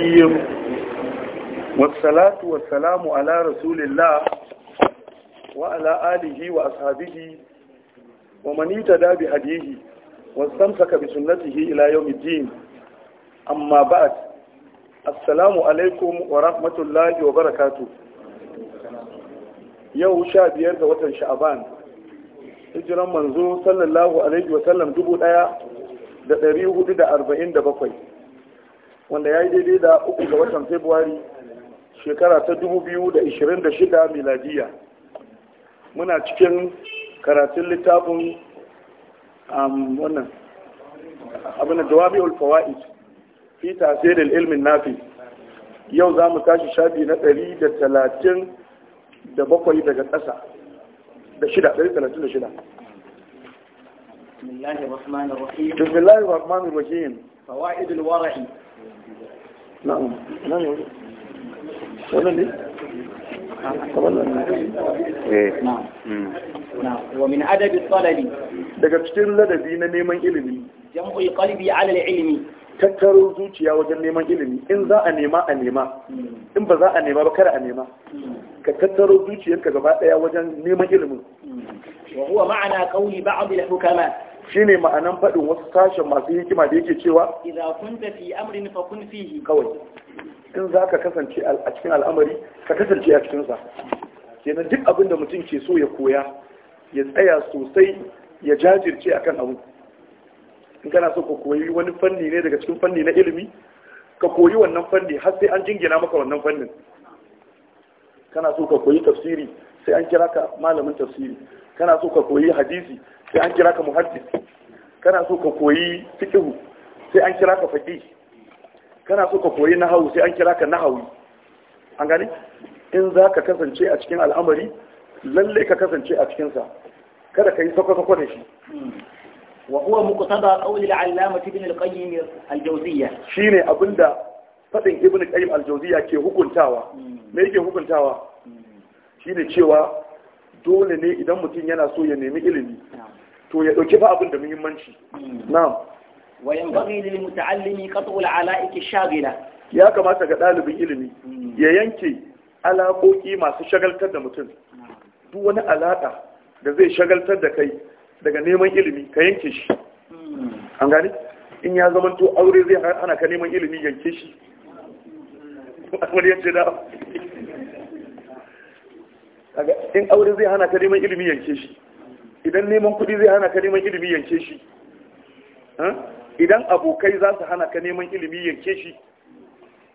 ayyam wassalatu wassalamu ala rasulillah wa ala alihi wa ashabihi wa man yatada bi hadihi wastamsaka bi sunnatihi ila yawmiddin amma ba'd assalamu alaikum wa rahmatullahi wa barakatuh yau 15 ga watan sha'ban hijran manzo sallallahu alaihi wa sallam 1447 wanda ya yi daidai da uku ga watan februari shekara ta 2026 miladiya muna cikin karatun littafin wannan abin da jawabi ulfawa'id fi tasirin ilmin nafi yau za mu tashi shafi na 137 daga ƙasa da shida 136 بسم الله الرحمن الرحيم فوائد الورع na'am nan yanzu eh. hmm. daga cikin ladabi na neman ilimi jam'ul zuciya wajen neman ilimi in za a nema a nema hmm. ba za a nema ba kada a hmm. ka tattaro gaba daya wajen neman ilimin wa huwa ma'ana Shi ne ma'anan faɗin wasu sashen masu hikima da yake cewa idza kun tafi amurin fa kun fihi kawai in za ka kasance a cikin al'amari ka kasance a cikinsa sa duk abin da mutum ke so ya koya ya tsaya sosai ya jajirce a kan abu in kana so ka koyi wani fanni ne daga cikin fanni na ilimi ka koyi wannan fanni har sai an jingina maka wannan fannin kana so ka koyi tafsiri sai an kira ka malamin tafsiri kana so ka koyi hadisi sai an kira ka muhaddis kana so ka koyi fiqhu sai an kira ka faqih kana so ka koyi nahawu sai an kira ka nahawi an gane in za ka kasance a cikin al'amari lalle ka kasance a cikinsa kada ka yi sako-sako da shi wa huwa muqtada qawli al-allama ibn al-qayyim al-jawziyya shine abinda fadin ibn qayyim al-jawziyya ke hukuntawa hmm. me yake hukuntawa hmm. shine cewa dole ne idan mutum yana so ya nemi ilimi to ya dauki fa abin da muhimmanci na'am wa yanbaghi lil muta'allimi qat'ul ala'iki ala'ik shagila ya kamata ga dalibin ilimi ya hmm. yanke alaƙoƙi masu shagaltar da mutum duk wani alaƙa da zai shagaltar da kai daga neman ilimi ka yanke shi hmm. an gani in ya zama to aure zai ana ka neman ilimi yanke shi in aure zai hana ka neman ilimi yanke shi idan neman kuɗi zai hana ka neman ilimi yanke shi idan abokai za su hana ka neman ilimi yanke shi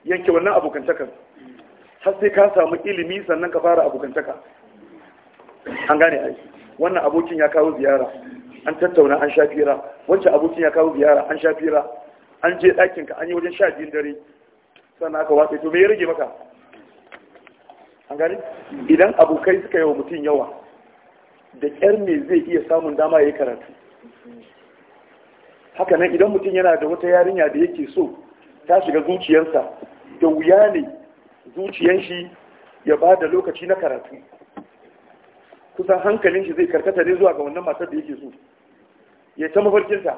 yanke wannan abokantakar, har sai ka samu ilimi sannan ka fara abokantaka an gane ai wannan abokin ya kawo ziyara an tattauna an shafira wancan abokin ya kawo ziyara an shafira an je ɗakinka an yi wajen sha biyun dare sannan aka watsa to me ya rage maka an gane idan abokai suka yi wa mutum yawa da ƙyar ne zai iya samun dama ya yi karatu haka nan idan mutum yana da wata yarinya da yake so ta shiga zuciyarsa da wuya ne zuciyar shi ya ba da lokaci na karatu kusan hankalin shi zai karkata ne zuwa ga wannan matar da yake so ya ta mafarkinta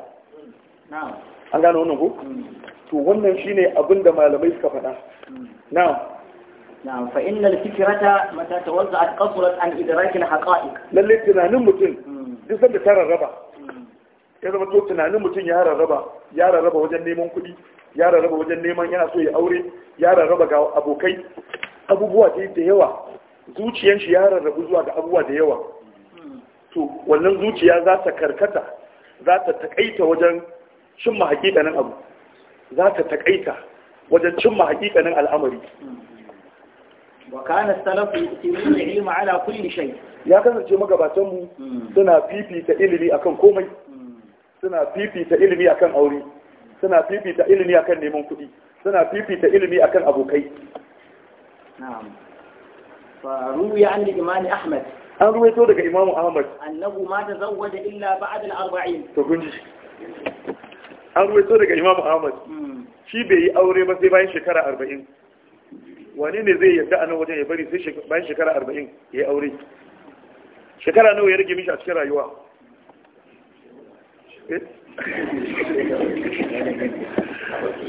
an gane wannan ko mm. to wannan shine abin da malamai suka faɗa mm. Na. na'am fa innal fikrata mata tawazza'at qasrat an idrakil haqa'iq lalle tunanin mutum duk sanda ta rarraba ya zama to tunanin mutum ya rarraba ya rarraba wajen neman kuɗi ya rarraba wajen neman yana so ya aure ya rarraba ga abokai abubuwa da yawa zuciyan shi ya rarrabu zuwa ga abubuwa da yawa to wannan zuciya za ta karkata za ta takaita wajen cimma hakikanin abu za ta takaita wajen cimma hakikanin al'amari wa kana salafu yusimuna ilma ala kulli shay ya kasance magabatan mu hmm. suna fifita ilimi akan komai hmm. suna fifita ilimi akan aure suna fifita ilimi akan neman kuɗi suna fifita ilimi akan abokai na'am fa ruwiya an ahmad an ruwaito daga imamu ahmad annahu ma tazawwaja illa ba'd al-arba'in to kun ji daga imamu ahmad hmm. shi bai yi aure ba sai bayan shekara arba'in wane ne zai yadda anan wajen ya bari sai bayan shekara arba'in ya yi aure shekara nawa ya rage mishi a cikin rayuwa eh?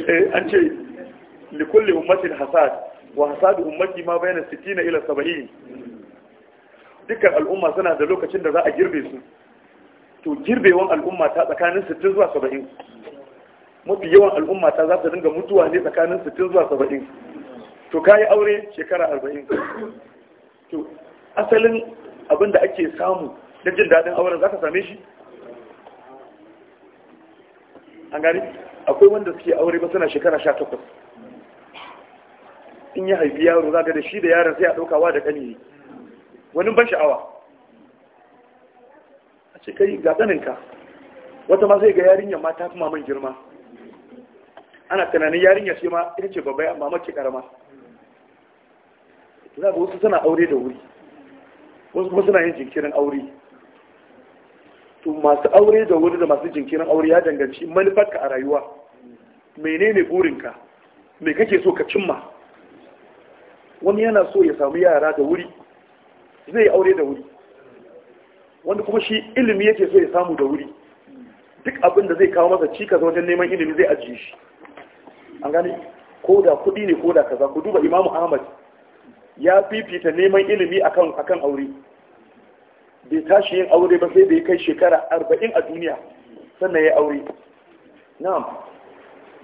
Eh, an ce likulli ummatin hasad wa hasadu ummati ma bayan na ila saba'in? dukkan al'umma suna da lokacin da za a girbe su to girbewan al'umma ta tsakanin sittin zuwa saba'in? mafi yawan al'umma ta za ta dinga mutuwa ne tsakanin sittin zuwa saba'in? to kayi aure shekara arba'in to asalin abin da ake samu na jin daɗin auren za ka same shi an gani akwai wanda suke aure ba suna shekara sha takwas in ya haifi yaro za da shi da yaron sai a ɗaukawa da ƙani wani ban sha'awa a ce kai ga ɗaninka wata ma sai ga yarinyar ma ta fi maman girma ana tunanin yarinya ce ma ita ce babbai amma mace karama za ga wasu suna aure da wuri wasu kuma suna yin jinkirin aure to masu aure da wuri da masu jinkirin aure ya danganci manufarka a rayuwa menene burinka me kake so ka cimma wani yana so ya samu yara da wuri zai yi aure da wuri wanda kuma shi ilimi yake so ya samu da wuri duk abin da zai kawo masa cikas wajen neman ilimi zai ajiye shi an gani ko da kuɗi ne ko da kaza ku duba imamu ahmad ya fifita neman ilimi akan akan aure bai tashi yin aure ba sai da ya kai shekara arba'in a duniya sannan ya aure na'am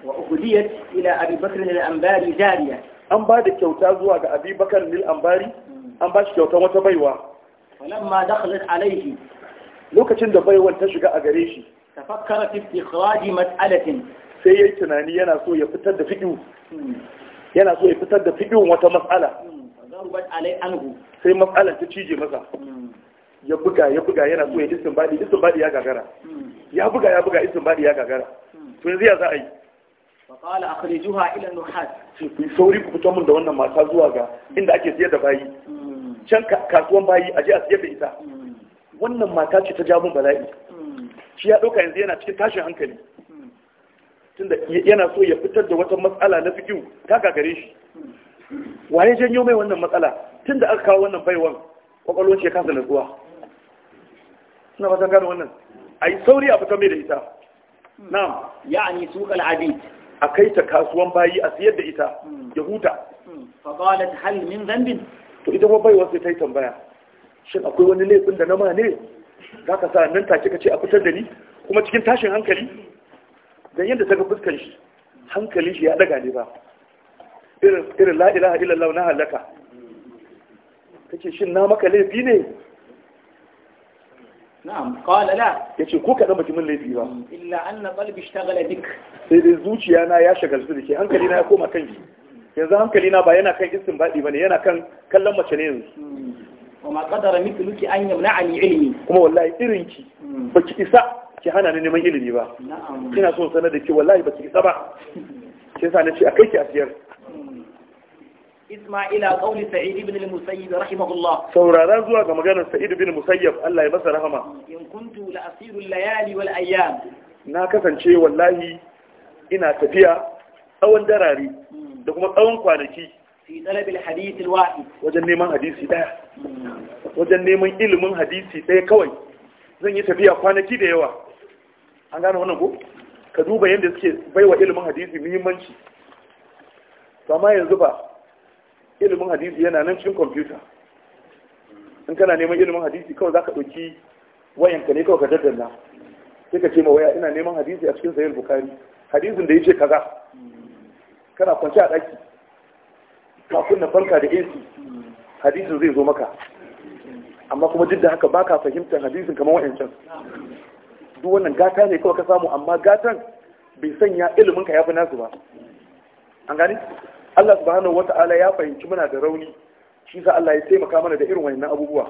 wa ubudiyat ila abubakar bakr ambari jariya an ba da kyauta zuwa ga abubakar bakr ambari an ba shi kyautan wata baiwa ma dakhalat alayhi lokacin da baiwan ta shiga a gare shi tafakkara fi ikhraj mas'alatin sai tunani yana so ya fitar da fiqh hmm. yana so ya fitar da fiqh wata mas'ala hmm. ubat alai anhu sai matsalar ta cije masa hmm. ya buga ya buga yana so ya isin badi isin badi ya gagara hmm. ya buga ya buga isin badi ya gagara hmm. to yanzu ya za a yi faƙala akhrijuha ila nuhat ku sauri ku fito mun da wannan mata zuwa ga inda ake siyar da bayi can kasuwan bayi aje a siyar da ita wannan mata ce ta ja bala'i shi ya ɗauka yanzu yana cikin tashin hankali tunda yana so ya fitar da wata matsala na fikiyu ta gagare shi waye janyo mai wannan matsala tun da aka kawo wannan baiwan kwakwalwar ce kasa nazuwa suna fatan gano wannan a yi sauri a fitar mai da ita na'am ya'ani suqal al'adi a kai ta kasuwan bayi a siyar da ita hmm. ya huta hmm. fa qalat hal min to ita kuma baiwa sai ta yi tambaya shin akwai wani laifin da na ma ne za ka sa nan take ka ce a fitar da ni kuma cikin tashin hankali dan yadda ta ga fuskar shi hankalin shi ya daga ne ba irin la ilaha illallah na halaka kake shi na maka laifi ne na'am qala ya ce ko kadan baki min laifi ba illa sai dai zuciya na ya shagaltu da ke hankali na ya koma kan ki yanzu hankali na ba yana kan ba ne, yana kan kallon mace ne yanzu kuma wallahi irin ki hmm. isa ki hana ni neman ilimi ba ina so sanar da wallahi baki isa ba sai sa na ce a kai ki asiyar isma ila qawli sa'id ibn al-musayyib rahimahullah saurara zuwa ga maganar sa'id ibn musayyib Allah ya masa rahama in kuntu la asiru layali wal ayyam na kasance wallahi ina tafiya tsawon darari da kuma tsawon kwanaki fi talabil hadith al-wahid wajen neman hadisi daya hmm. wajen neman ilimin hadisi daya kawai zan yi tafiya kwanaki da yawa an gane wannan ko ka duba yadda suke baiwa ilimin hadisi muhimmanci amma yanzu ba ilimin hadisi yana nan cikin kwamfuta in kana neman ilimin hadisi kawai za ka ɗauki wayanka ne kawai ka daddalla sai ka ce ma waya ina neman hadisi a cikin sayar bukari hadisin da ya ce kaza kana kwanci a ɗaki kafin na farka da ac hadisin zai zo maka amma kuma duk da haka ba ka fahimtar hadisin kamar wayancan duk wannan gata ne kawai ka samu amma gatan bai sanya ilimin ka ya fi nasu ba an gani Allah subhanahu wata'ala ya fahimci muna da rauni shi sa Allah ya taimaka mana da irin wannan abubuwa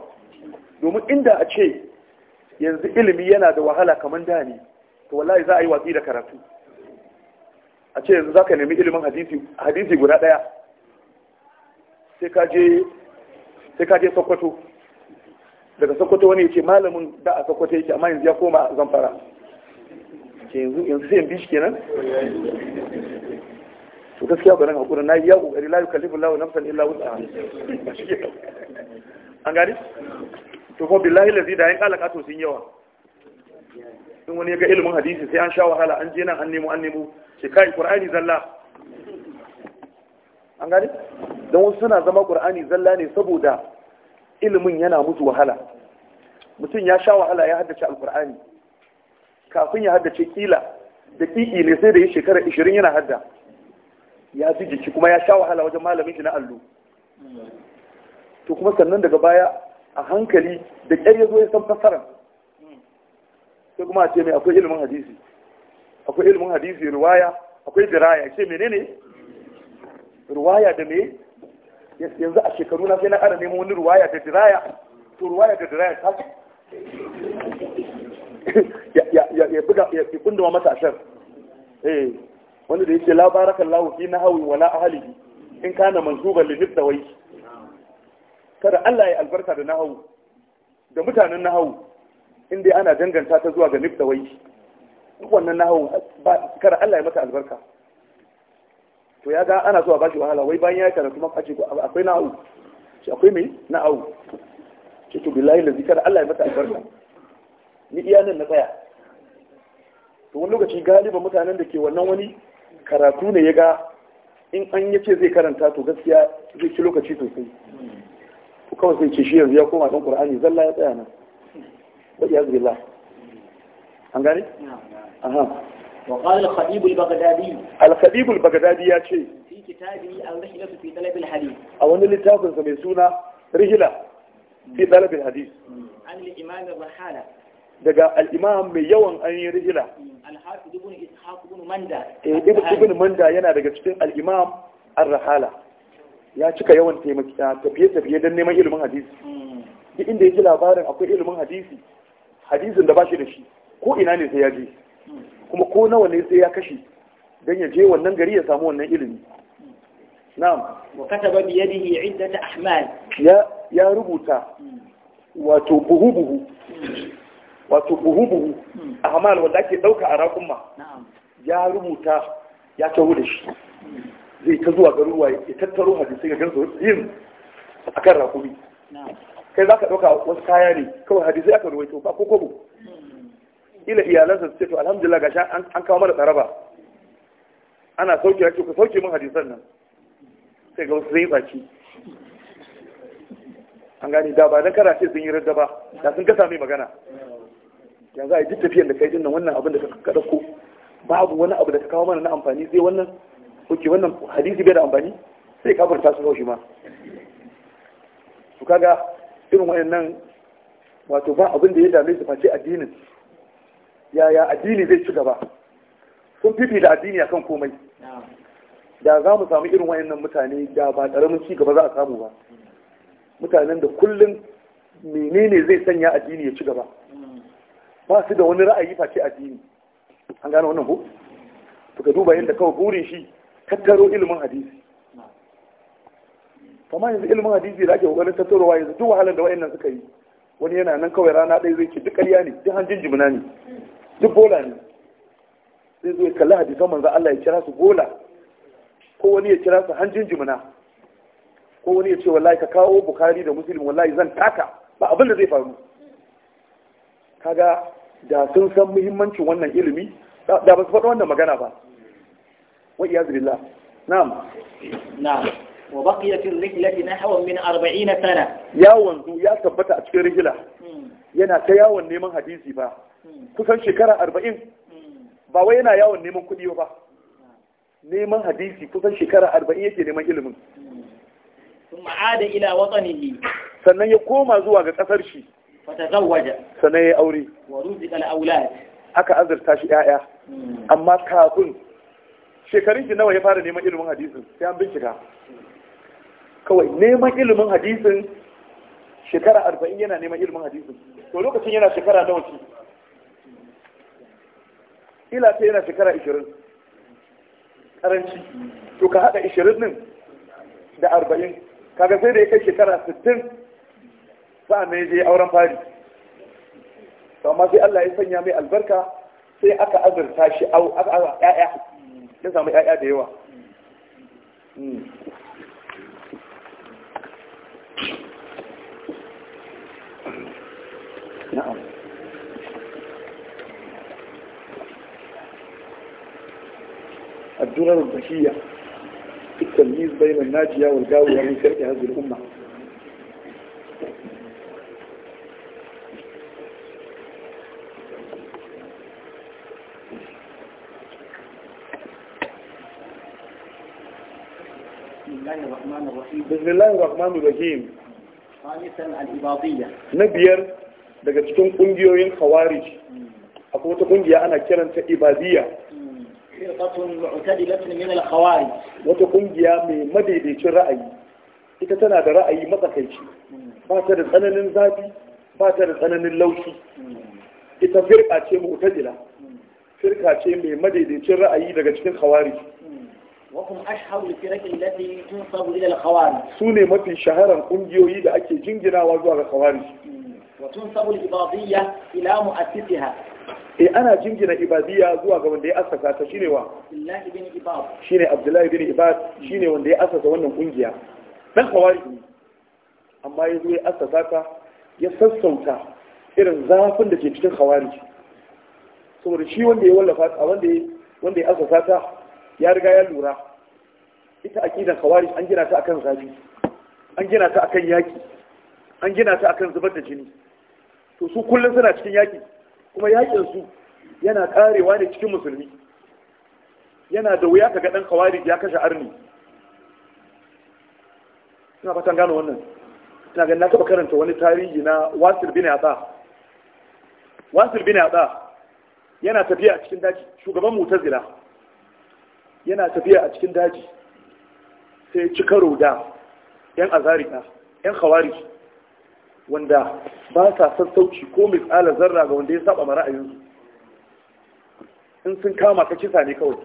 domin inda a ce yanzu ilimi yana da wahala kamar da ne to wallahi za a yi watsi da karatu a ce yanzu zaka nemi ilimin hadisi hadisi guda daya sai ka je sai ka je Sokoto daga Sokoto wani yace malamin da a Sokoto yake amma yanzu ya koma Zamfara yanzu yanzu sai in bi shi kenan to gaskiya ba nan hakuri na yi ya kokari la yukallifu lahu nafsan illa wus'aha an gani to ko billahi lazi da yan kala kato sun yawa sun wani ya ga ilimin hadisi sai an sha wahala an je nan an nemo an nemo shi kai qur'ani zalla an gani don wasu suna zama qur'ani zalla ne saboda ilimin yana musu wahala mutum ya sha wahala ya haddace alqur'ani kafin ya haddace kila da ne sai da ya shekara 20 yana hadda ya ji jiki kuma ya sha wahala wajen malamin shi na allo to kuma sannan daga baya a hankali da ƙyar ya zo ya san fassara sai kuma a ce mai akwai ilimin hadisi akwai ilimin hadisi ruwaya akwai diraya ce menene ruwaya da me yanzu a shekaru na sai na ƙara neman wani ruwaya da diraya to ruwaya da diraya ta ya buga ya kunduma mata ashar eh wanda da yake la barakallahu fi nahawi wala ahlihi in kana mansuban li nidawai kada Allah ya albarka da nahawu da mutanen nahawu in dai ana danganta ta zuwa ga nidawai duk wannan nahawu kada Allah ya mata albarka to ya ga ana zuwa bashi wahala wai bayan ya karatu maka ce akwai nahawu shi akwai mai nahawu ce to billahi lazi kada Allah ya mata albarka ni iya nan na tsaya to wani lokaci galiba mutanen da ke wannan wani karatu ne ya ga in an yace zai karanta to gaskiya zai ci lokaci sosai to kawai sai ce shi yanzu ya koma kan qur'ani zalla ya tsaya nan wa iyaz billah an gane aha wa qala al khabib al-baghdadi al khabib al-baghdadi ya ce fi kitabi al-rihla fi talab al-hadith a wani littafin sa mai suna rihla fi talab al-hadith an al-imam al-rahala daga al'imam mai yawan an ainihin rijila eh, ibn manda yana daga cikin al'imam ar-rahala ya cika yawan tafiye-tafiye don neman ilimin hadisi hmm. duk inda ya ji labarin akwai ilimin hadisi hadisin da ba shi da shi ko ina ne sai ya je hmm. kuma ko nawa ne sai ya kashe don ya je wannan gari ya samu wannan ilimi hmm. na'am wa bi yadihi iddat ahmal ya ya rubuta wato buhu buhu wato buhu-buhu hmm. a hamal wanda ake ɗauka a raƙumma ya rubuta ya taho da shi zai ta zuwa garuruwa ya tattaro hadisai ga gansu yin a kan raƙumi kai za ka ɗauka wasu kaya ne kawai hadisai aka ruwaito ba ko kobo hmm. ila iyalansa su ce to alhamdulillah gashi an kawo mana tsaraba ana sauke ya ce ku sauke min hadisan nan sai ga wasu zai tsaki an gane da ba don kada ce sun yi radda ba da sun gasa mai magana yanzu a duk tafiyar da kai dinnan wannan abin da ka ɗauko babu wani abu da ka kawo mana na amfani sai wannan oke wannan hadisi bai da amfani sai kafarta su kawai ma su kaga irin wayannan wato ba abin da ya dame su face addinin yaya addini zai ci gaba sun fifi da addini akan komai da za mu samu irin wayannan mutane da ba ƙaramin ci gaba za a samu ba mutanen da kullum menene zai sanya addini ya ci gaba ba su da wani ra'ayi face jini. an gane wannan hu to ka duba yadda kawai burin shi tattaro ilimin hadisi kamar yanzu ilimin hadisi da ake kokarin tattarowa yanzu duk wahalar da wayannan suka yi wani yana nan kawai rana ɗaya zai ce duk ƙarya ne duk hanjin jimina ne duk bola ne sai zo ya kalli hadisan manzo Allah ya kira su bola ko wani ya kira su hanjin jimina ko wani ya ce wallahi ka kawo bukari da muslim wallahi zan taka ba abin da zai faru kaga da sun san muhimmancin wannan ilimi da ba su faɗa wannan magana ba wa iyaz billah na'am na'am wa baqiyat ar na hawan min 40 sana yawon zu ya tabbata a cikin rigila hmm. yana ta yawon neman hadisi ba hmm. kusan shekara 40 hmm. ba wai yana yawon neman kuɗi ba neman hadisi kusan shekara 40 yake neman ilimin ثم عاد إلى sannan ya koma zuwa ga kasar shi sannan ya yi aure aka azurta shi ‘ya'ya amma kafin shekarun ki nawa ya fara neman ilimin hadisin sai an bincika kawai neman ilimin hadisin shekara arba'in yana neman ilimin hadisin to lokacin yana shekara nawa ce ila ta yana shekara ishirin karanci to ka haɗa ishirin ɗin da arba'in kaga sai da ya kai shekara sittin sa'an nan je auren fari to amma sai Allah ya sanya mai albarka sai aka azurta shi au aka aka ƴaƴa ya samu ƴaƴa da yawa hmm. na'am الدرر الذكية في التمييز بين الناجية والقاوية من فرق هذه الأمة bismillahir rahmanir rahim na biyar daga cikin kungiyoyin khawarij akwai wata kungiya ana kiranta ibadiyya wata kungiya mai madaidaicin ra'ayi ita tana da ra'ayi matsakaici ba ta da tsananin zafi ba ta da tsananin laushi ita firka ce mu'tadila firka ce mai madaidaicin ra'ayi daga cikin khawarij su ne mafi shaharan ƙungiyoyi da ake jinginawa zuwa ga kawari e ana jingina ibadiyya zuwa ga wanda ya asasa ta shine wa shine abdullahi bin ibad shine wanda ya asasa wannan kungiya dan kawari amma ya zo ya asasa ta ya sassauta irin zafin da ke cikin kawari saboda shi wanda ya wallafa wanda ya asasa ta ya riga ya lura ita aqidan khawarij an gina ta akan zabi an gina ta akan yaki an gina ta akan zubar da jini to su kullum suna cikin yaki kuma yakin su yana karewa ne cikin musulmi yana da wuya kaga dan khawarij ya kashe arni ina fatan gano wannan ina ga na taba karanta wani tarihi na Wasil bin Atha Wasil bin Atha yana tafiya a cikin daji shugaban mutazila yana tafiya a cikin daji sai ci karo da yan azarika yan khawari wanda ba sa sassauci ko misalar zarra ga wanda ya saba a yanzu. in sun kama ka kisa ne kawai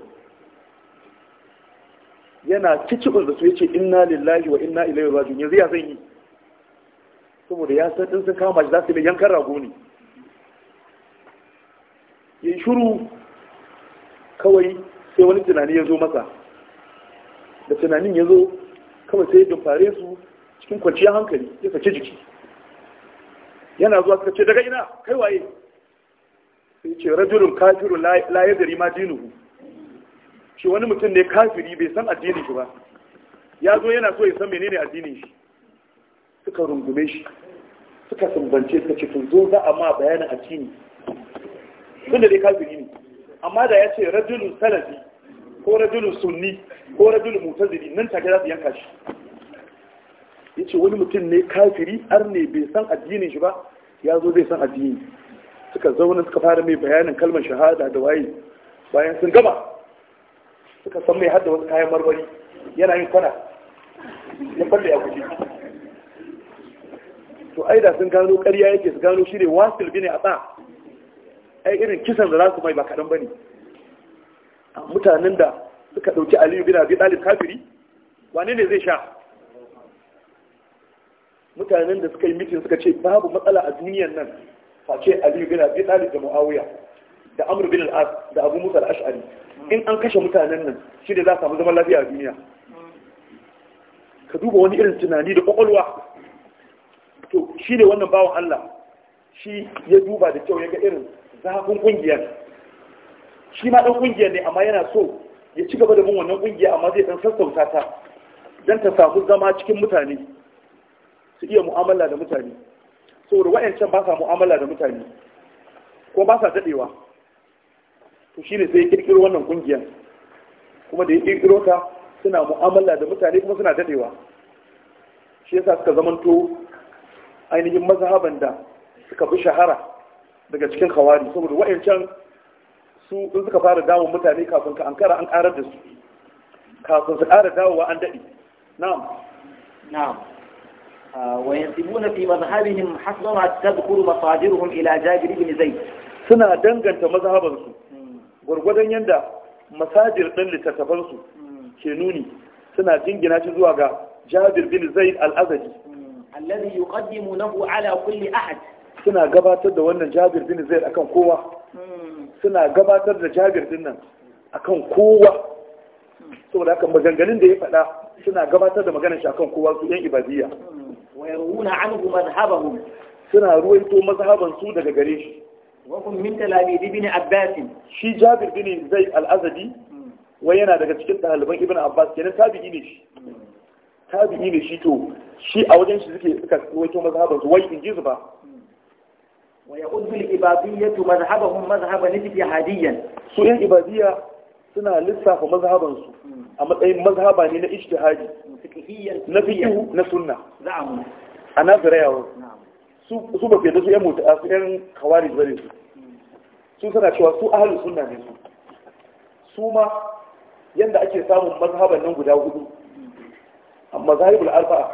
yana kicibin da su yace inna lillahi wa inna ilaihi raji'un yanzu ya zan yi saboda ya san in sun kama shi za su yi yankan rago ne yayi shiru kawai sai wani tunani ya zo masa da tunanin ya zo kawai sai ya fare su cikin kwanciyar hankali ya sake jiki yana zuwa suka ce daga ina kai waye sai ce rajulun kafiru la ya rima ma dinuhu shi wani mutum ne kafiri bai san addinin shi ba ya zo yana so ya san menene addinin shi suka rungume shi suka sumbance suka ce tun zo za a ma bayanin addini tun da dai kafiri ne amma da ya ce rajulun salafi ko rajulun sunni ko rajul mutazili nan take za su yanka shi yace wani mutum ne kafiri har ne bai san addinin shi ba ya zo zai san addini suka zauna suka fara mai bayanin kalmar shahada da waye bayan sun gama suka san mai hadda wasu kayan marmari yana yin kwana ya falle a guji to ai da sun gano ƙarya yake su gano shi ne wasil bi ne a ba? ai irin kisan da za su mai ba kaɗan ba ne mutanen da suka ɗauki aliyu bin abi ɗalib kafiri wane ne zai sha mutanen da suka yi mitin suka ce babu matsala a duniyan nan face aliyu bin abi ɗalib da mu'awiya da amr bin al'as da abu musa al'ash'ari in an kashe mutanen nan shi ne za samu zaman lafiya a duniya ka duba wani irin tunani da kwakwalwa to shi ne wannan bawan allah shi ya duba da kyau ya ga irin zafin kungiyar shi ma ɗan ƙungiyar ne amma yana so ya ci gaba da bin wannan kungiya amma zai dan sassauta ta dan ta samu zama cikin mutane su iya mu'amala da mutane saboda wayancan ba sa mu'amala da mutane ko ba sa dadewa to shine sai ya kirkiro wannan kungiya kuma da ya kirkiro ta suna mu'amala da mutane kuma suna dadewa shi yasa suka zamanto ainihin mazhaban da suka fi shahara daga cikin khawari saboda wayancan su in suka fara dawo mutane kafin ka ankara an karar da su kafin su kara dawowa an daɗe na'am na'am ah, wa yansibuna fi mazhabihim hasbama tadkhuru masadiruhum ila jabir ibn zayd suna danganta mazhaban su hmm. gurgurdan yanda masajir din littattafan su hmm. ke nuni suna jingina shi zuwa ga jabir bin zayd al-azadi hmm. alladhi yuqaddimu lahu ala kulli ahad suna gabatar da wannan jabir bin zayd akan kowa suna gabatar da jabir din nan akan kowa saboda haka maganganun da ya faɗa suna gabatar da maganar shi akan kowa su yan ibadiyya wa anhu madhhabahum suna ruwaito mazhaban su daga gare shi wakun min talamidi bin abbas shi jabir bin zai al-azadi hmm. wai yana daga cikin taliban ibn abbas kenan tabi'i ne shi hmm. tabi'i ne shi to shi a wajen shi suke suka ruwaito mazhaban su wai in ji su ba ويؤد الإبادية مذهبهم مذهبا اجتهاديا su yan ibadiyya suna lissafa mazhabansu a matsayin mazhaba na ijtihadi na fiqhu na sunna a nazira yawo su su ba da su yan muta su yan khawarij bane su su suna cewa su ahlus sunna ne su su ma yanda ake samun mazhaban nan guda hudu amma mazhabul arba'a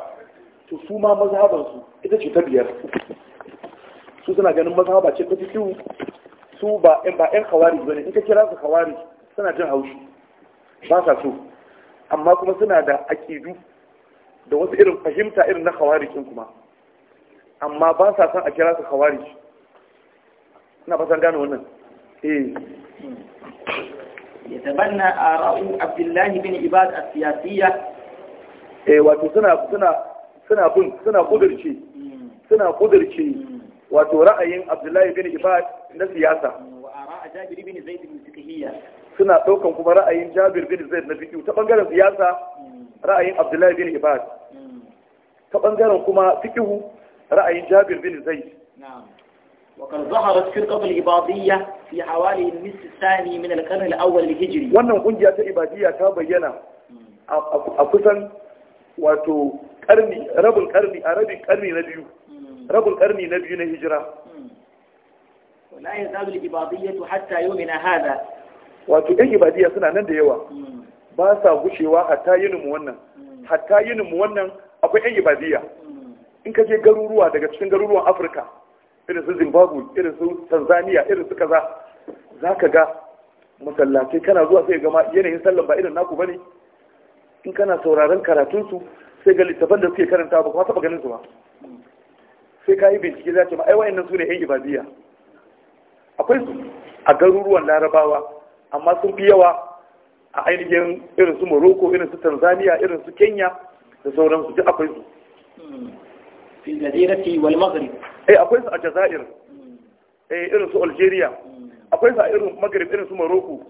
to su mazhaban su ita ce ta biyar su suna ganin ba ce ta fi su ba ba ƴan khawarij bane in ka kira su khawarij suna jin haushi ba sa so amma kuma suna da aƙidu da wasu irin fahimta irin na khawarijin kuma amma ba sa son a kira su khawarij ina fatan gane wannan eh yatabanna ara'u عبد bin ibad عباد siyasiyya eh wato suna suna suna bin suna kudirce hmm. suna kudirce hmm. wato ra'ayin abdullahi bin ibad na siyasa suna ɗaukan kuma ra'ayin jabir bin zaid na fiƙi ta ɓangaren siyasa hmm. ra'ayin abdullahi bin ibad hmm. ta ɓangaren kuma fiƙihu ra'ayin jabir bin zaid وقد ظهرت في حوالي النصف الثاني من القرن الأول الهجري wannan kungiya ta ibadiyya ta bayyana hmm. a kusan rabin karni na biyu rabul karni na biyu na hijira hmm. wala ya zabu ibadiyyatu hatta yawmina hada wato ɗan ibadiyya suna nan da yawa hmm. ba sa gushewa hatta yinin mu wannan hmm. hatta yinin mu wannan akwai ɗan ibadiyya in ka je garuruwa daga cikin garuruwan Afirka irin su Zimbabwe irin su Tanzania irin su kaza zaka ga masallatai kana zuwa sai gama yanayin sallan ba irin naku ne? in ka kana sauraron su, sai ga littafan da suke karanta ba kuma taɓa ganin su ba sai ka yi bincike za ce ma ai wa'annan su ne yan ibadiyya akwai su a garuruwan larabawa amma sun fi yawa a ainihin irin su morocco irin su tanzania irin su kenya da sauransu duk akwai su eh akwai su a jazair eh irin su algeria akwai su a irin maghrib irin su morocco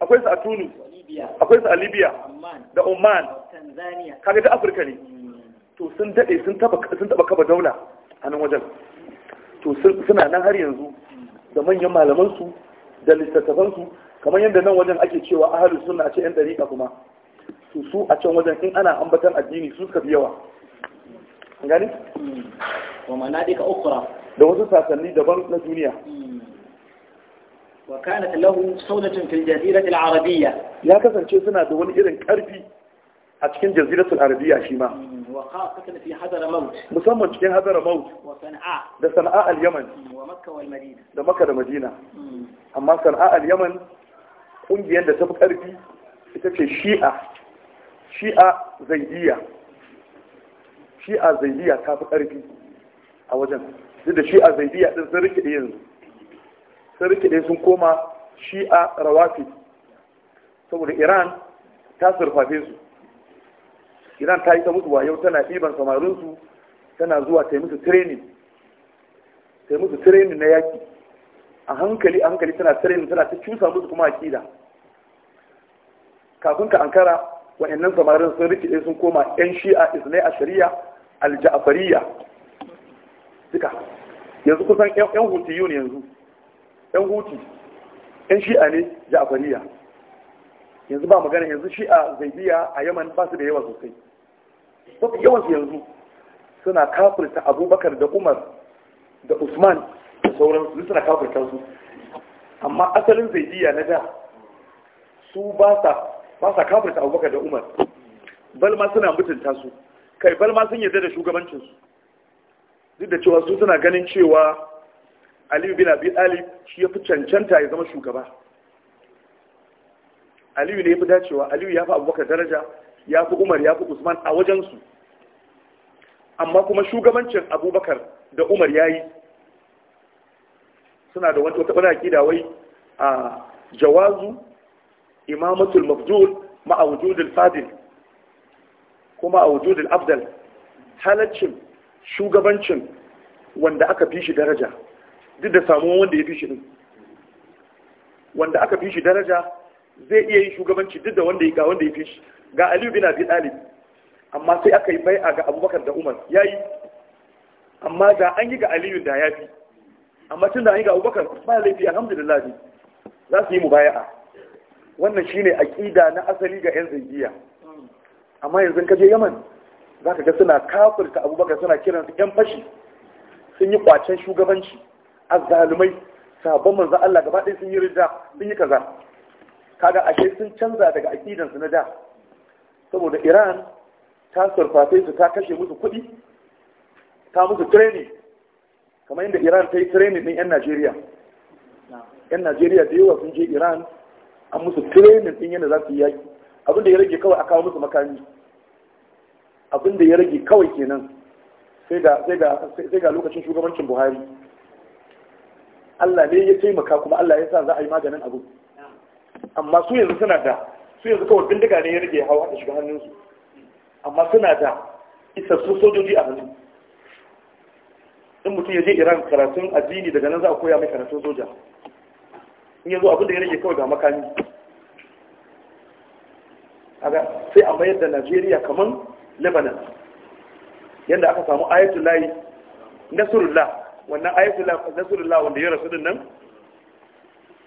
akwai su a tunis akwai su a libya da oman kaga da afirka ne hmm. to sun dade sun taba sun taba kaba daula a nan wajen to suna nan har yanzu da manyan malamansu da littattafansu kamar yadda nan wajen ake cewa ahalus suna ce yan dariƙa kuma to su a can wajen in ana ambatan addini su suka fi yawa gani wa manadika ukura da wasu sasanni daban na duniya wa kanat lahu sawdatun fil jazirati arabiyya ya kasance suna da wani irin karfi a cikin jaziratul arabiyya shi ma mm. وخاصة في حضر موت مسمى في حضر موت وصنعاء ده صنعاء اليمن ومكة والمدينة ده مكة ده أما صنعاء اليمن ƙungiyar da ta fi ƙarfi ita ce shi'a shi'a zaidiya shi'a zaidiya ta fi ƙarfi a wajen duk da shi'a zaidiya ɗin sun rikide yanzu sun rikide sun koma shi'a rawafi saboda iran ta surfafe su iran ta yi ta musu wayo tana ɗiban samarinsu tana zuwa ta yi musu training ta yi musu training na yaƙi a hankali a hankali tana training tana ta cusa musu kuma aƙida. kafin ka ankara wa'annan samarin sun rikide sun koma yan shi'a isnai a shari'a alja'afariya duka yanzu kusan yan yi ne yanzu yan huti yan shi'a ne ja'afariya yanzu ba magana yanzu shi'a Zaibiya, a yaman ba su da yawa sosai mafi yawansu yanzu suna kafirta abubakar da umar da usman da sauransu suna kafirta su amma asalin zaidiya na da su ba sa kafirta abubakar da umar balma suna mutunta su kai balma sun yarda da shugabancinsu duk da cewa su suna ganin cewa aliyu bin abi alif, shi ya fi cancanta ya zama shugaba aliyu ne ya fi dacewa aliyu ya fi abubakar daraja ya fi umar ya fi usman a wajensu amma kuma shugabancin abubakar da umar ya yi suna da wata wata da wai a jawazu imamatul mafdul ma'awujudul fadil kuma a wujudul abdal halaccin shugabancin wanda aka fi shi daraja duk da samun wanda ya fi shi wanda aka fi shi daraja zai iya yi shugabanci duk da wanda ya ga wanda ya fi shi ga aliyu bin abi talib amma sai aka yi bai'a ga abubakar da umar yayi yi amma da an yi ga aliyu da yafi fi amma tun da an yi ga abubakar ba laifi alhamdulillah ne za su yi mu bai'a wannan shine aƙida na asali ga yan zangiya amma yanzu ka je yaman za ka ga suna kafirta abubakar suna kiran su yan fashi sun yi kwacen shugabanci azzalumai sabon manzo Allah gaba ɗaya sun yi rida sun yi kaza kaga ashe sun canza daga aƙidansu na da saboda iran ta surfafe su ta kashe musu kuɗi ta musu training kamar yadda iran ta yi training ɗin 'yan najeriya 'yan najeriya da yawa sun je iran an musu training ɗin yadda za su yi yaki abinda ya rage kawai a kawo musu makami abinda ya rage kawai kenan sai ga lokacin shugabancin buhari allah ne ya taimaka kuma allah ya sa za a yi maganin abu amma su yanzu suna da su yanzu kawai bindiga ne ya rage hawa da shiga hannunsu amma suna da isassun sojoji a hannu in mutum ya je iran karatun addini daga nan za a koya mai karatun soja in yanzu abin da ya rage kawai ga makami sai a mayar da najeriya kamar lebanon yadda aka samu ayatullahi nasarullah wannan ayatullahi nasarullah wanda ya rasu din nan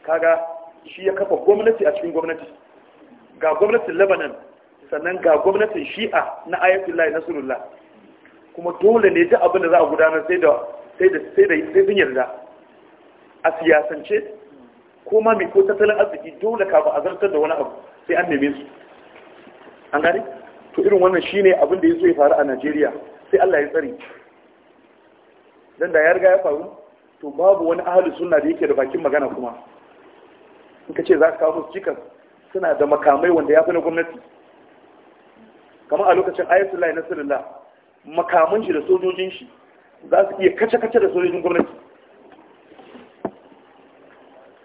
kaga shi ya kafa gwamnati a cikin gwamnati ga gwamnatin lebanon sannan ga gwamnatin shi'a na na nasarullah kuma dole ne duk abin da za a gudanar sai da sai da sai da sai sun yarda a siyasance ko mai ko tattalin arziki dole kafin a zartar da wani abu sai an neme su an gani? to irin wannan shine abin da ya zo ya faru a Najeriya sai Allah ya tsare dan da ya riga ya faru to babu wani ahli sunna da yake da bakin magana kuma in ka ce za ka kawo su cikas suna da makamai wanda ya fi na gwamnati kamar a lokacin ayatollah nasarullah makaman shi da sojojin shi za su iya kace-kace da sojojin gwamnati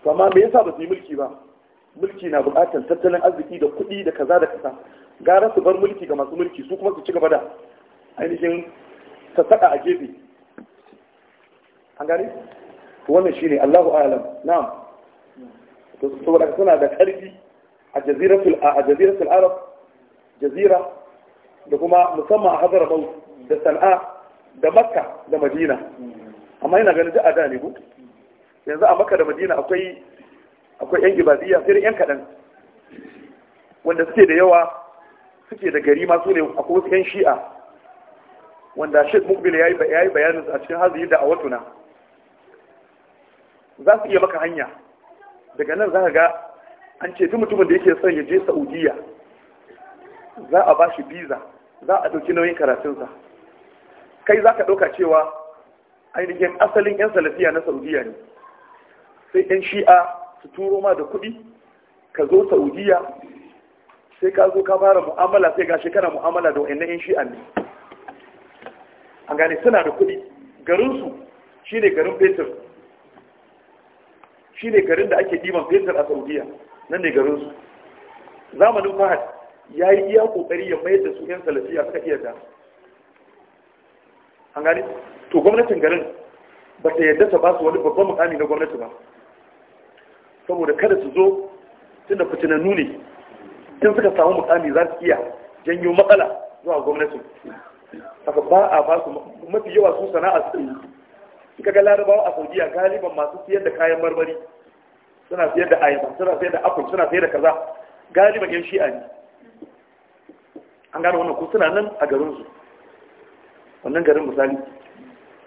kama me yasa ba su yi mulki ba mulki na bukatar tattalin arziki da kuɗi da kaza da kasa. gara su bar mulki ga masu mulki su kuma su ci gaba da ainihin sassaƙa a gefe an gane wannan shine Allahu a'lam na'am to saboda suna da ƙarfi a jaziratul arab jazira da kuma musamman a bau da sana'a da makka da madina amma yana ganin ji'a a da ne yanzu a makka da madina akwai akwai yan ibadiyya sai yan kaɗan wanda suke da yawa suke da gari masu ne akwai wasu yan shi'a wanda shek mukbil ya yi bayanin a cikin hazi da a watuna za su iya maka hanya daga nan za ka ga an ce duk mutumin da yake son ya je saudiya za a ba shi biza za a ɗauki nauyin karatunsa kai za ka ɗauka cewa ainihin asalin 'yan salafiya na saudiya ne sai 'yan shi'a su turo ma da kuɗi ka zo saudiya sai ka zo ka fara mu'amala sai ga shekara mu'amala da wa'annan 'yan shi'a ne an gane suna da kuɗi garinsu shi ne garin fetur shi ne garin da ake ɗiban fetur a saudiya nan ne su zamanin fahad ya yi iya kokari ya mayar da su yan salafiya suka iya da an gani to gwamnatin garin ba ta yadda ta ba su wani babban mukami na gwamnati ba saboda kada su zo tun da fitinannu ne tun suka samu mukami za su iya janyo matsala zuwa gwamnatin haka ba a ba su mafi yawa su sana'a su yi ga larabawa a saudiya galiban masu siyar da kayan marmari suna sayar da ayaba, suna sayar da apple suna sayar da kaza galiban yan shi'a ne an gano wannan ku suna nan a garinsu wannan garin misali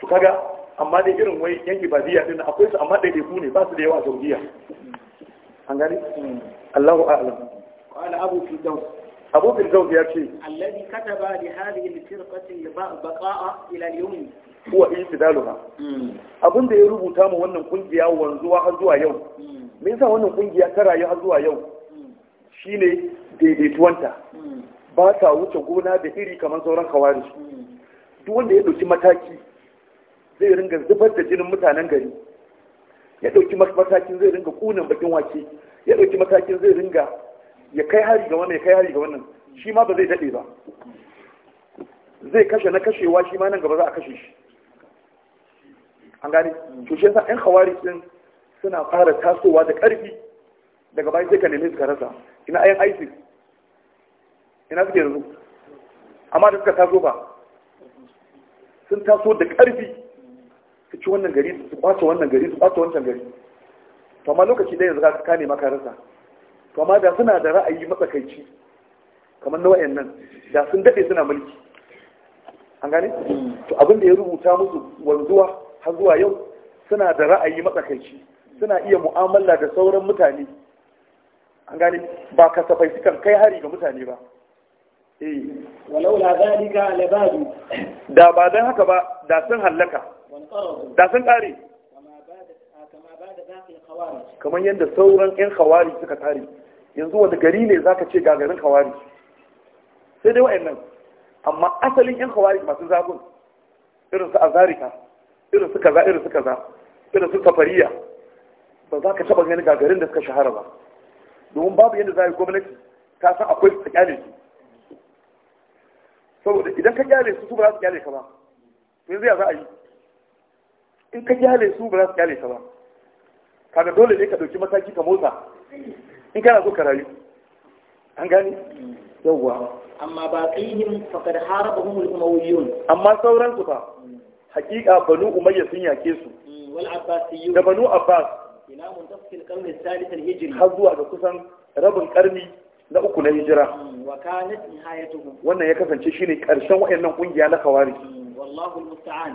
to kaga amma dai irin wai yan ibadiyya din akwai su amma dai dai ku ne ba su da yawa saudiya an gani Allahu a'lam qala abu fidaus abu fidaus ya ce alladhi kataba li hadhihi al-firqati baqa'a ila al-yawm huwa ibtidaluha hmm. abun da ya rubuta mu wannan kungiya wanzuwa har zuwa yau hmm. me yasa wannan kungiya ta rayu har zuwa yau shine daidaituwanta ba ta wuce gona da iri kamar sauran kawari duk wanda ya ɗauki mataki zai ringa zubar da jinin mutanen gari ya ɗauki matakin zai ringa kunan bakin wake ya ɗauki matakin zai ringa ya kai hari ga wannan ya kai hari ga wannan shi ma ba zai daɗe ba zai kashe na kashewa shi ma nan gaba za a kashe shi an gane to shi yasa ɗan kawari sun suna fara tasowa da ƙarfi daga bayan sai ka nemi suka rasa ina ayan isis ina suke yanzu amma da suka taso ba sun taso da ƙarfi su ci wannan gari su kwace wannan gari su kwace wancan gari to amma lokaci da yanzu ka nema ka rasa to amma da suna da ra'ayi matsakaici kamar na nan? da sun daɗe suna mulki an gane to abin da ya rubuta musu wanzuwa har zuwa yau suna da ra'ayi matsakaici suna iya mu'amala da sauran mutane an gane ba kasafai sukan kai hari ga mutane ba eh walau la zalika labadu da ba dan haka ba da sun hallaka da sun kare kamar yadda sauran 'yan khawari suka tare yanzu wanda gari ne zaka ce gagarin khawari sai dai wa'annan amma asalin 'yan khawari masu zagun irin su azarika irin su kaza irin su kaza irin su safariya ba za ka taɓa ganin gagarin da suka shahara ba domin babu yadda za a yi gwamnati ta san akwai ta kyale su saboda idan ka kyale su su ba za su kyale ka ba to yanzu ya za a yi in ka kyale su ba za su kyale ka ba kaga dole ne ka ɗauki mataki ka motsa in kana so ka rayu an gane yawwa amma ba qihim faqad harabahum al-umayyun amma sauran su fa hakika banu umayya sun yake su mm, wal abbasiyyu da banu abbas ila har zuwa ga kusan rabin karni na uku na hijira hmm, wannan ya kasance shine karshen wayannan kungiya na kawari hmm,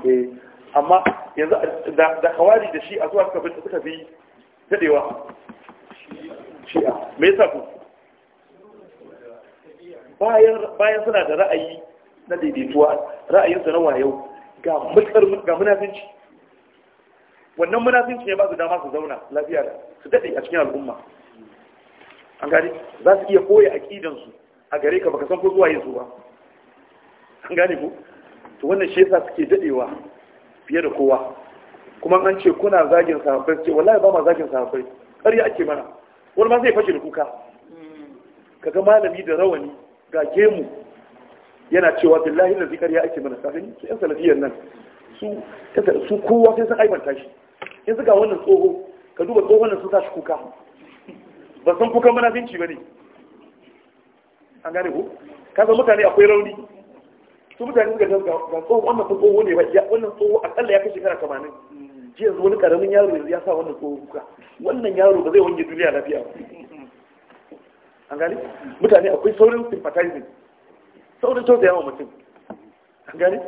eh, amma yanzu da da kawari da shi a zuwa suka bi suka bi dadewa shi'a me yasa ku bayan bayan suna da ra'ayi na daidaituwa ra'ayinsa na wayo ga mutar ga munafinci wannan munafinci ya ba su dama su zauna lafiya da su daɗe a cikin al'umma an gane za su iya koya aƙidansu a gare ka baka san ko zuwa yinsu ba an gane ku to wannan shi yasa suke daɗewa fiye da kowa kuma an ce kuna zagin sahabbai ce wallahi ba ma zagin sahabbai har ya ake mana wani ma zai fashe da kuka kaga malami da rawani ga gemu yana cewa billahi na zikari ya ake mana kafin yan salafiyar nan su kowa sai sun aibanta shi in suka wannan tsoho ka duba tsohon nan sun sa shi kuka ba san kukan munafinci ba ne an gane ko ka mutane akwai rauni su mutane suka ga ga tsoho wannan tsoho ne ba wannan tsoho akalla ya kashe kara 80 jiya yanzu wani karamin yaro yanzu ya sa wannan tsoho kuka wannan yaro ba zai wange duniya lafiya ba an gane mutane akwai saurin sympathizing saurin tausaya wa mutum an gane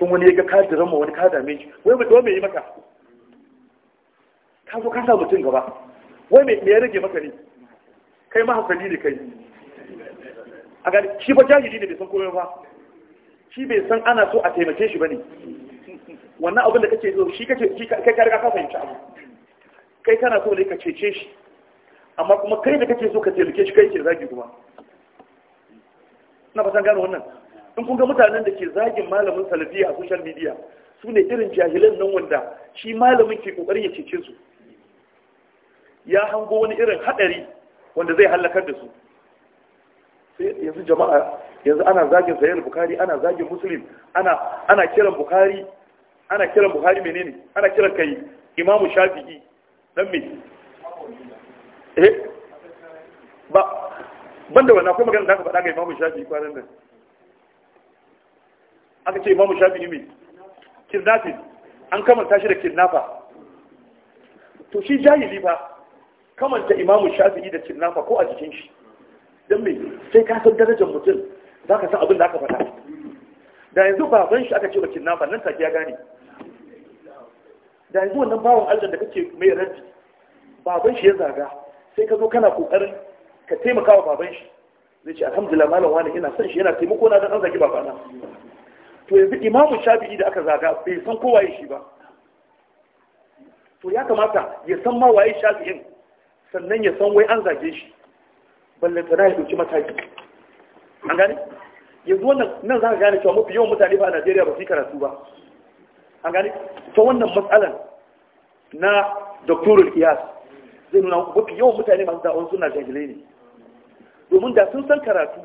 sun wani ya ga ka diran ma wani ka dame shi wai mu dome yi maka ka zo ka sa mutum gaba wai me ya rage maka ne kai ma hasali ne kai a gani shi ba jahili ne bai san komai ba shi bai san ana so a taimake shi ba ne. wannan abin da kake so shi kake shi kai ka riga ka fahimci abu kai kana so ne ka cece shi amma kuma kai da kake so ka taimake shi kai ke zagi kuma na fasan gano wannan in kun ga mutanen da ke zagin malamin salafiya a social media su ne irin jahilan nan wanda shi malamin ke kokarin ya cece su ya hango wani irin hadari wanda zai halakar da su yanzu jama'a yanzu ana zagin sayar bukari ana zagin muslim ana ana kiran bukari ana kiran bukari menene ana kiran kai imamu shafi'i dan me eh ba banda wannan akwai magana da aka faɗa ga imamu shafi'i kwanan nan aka ce imamu shafi'i mai kidnapping an kamanta shi da kidnapper to shi jahili ba kamanta imamu shafi'i da kidnapper ko a jikin shi don me sai ka san darajar mutum za ka san abin da aka faɗa da yanzu baban shi aka ce wa kidnapper nan take ya gane da yanzu wannan bawan aljan da kake mai rabi baban shi ya zaga sai ka zo kana kokarin ka taimaka wa baban shi zai ce alhamdulillah malam wani ina son shi yana taimako na dan an zagi babana to yanzu imamu shafi'i da aka zaga bai san kowa shi ba to ya kamata ya san ma waye shafi'in sannan ya san wai an zage shi ballantana ya ɗauki mataki an gane yanzu wannan nan za ka gane cewa mafi yawan mutane ba a najeriya ba su yi karatu ba an gane ta wannan matsalan na doktorul iyas zai nuna mafi yawan mutane masu da'on suna jahilai ne domin da sun san karatu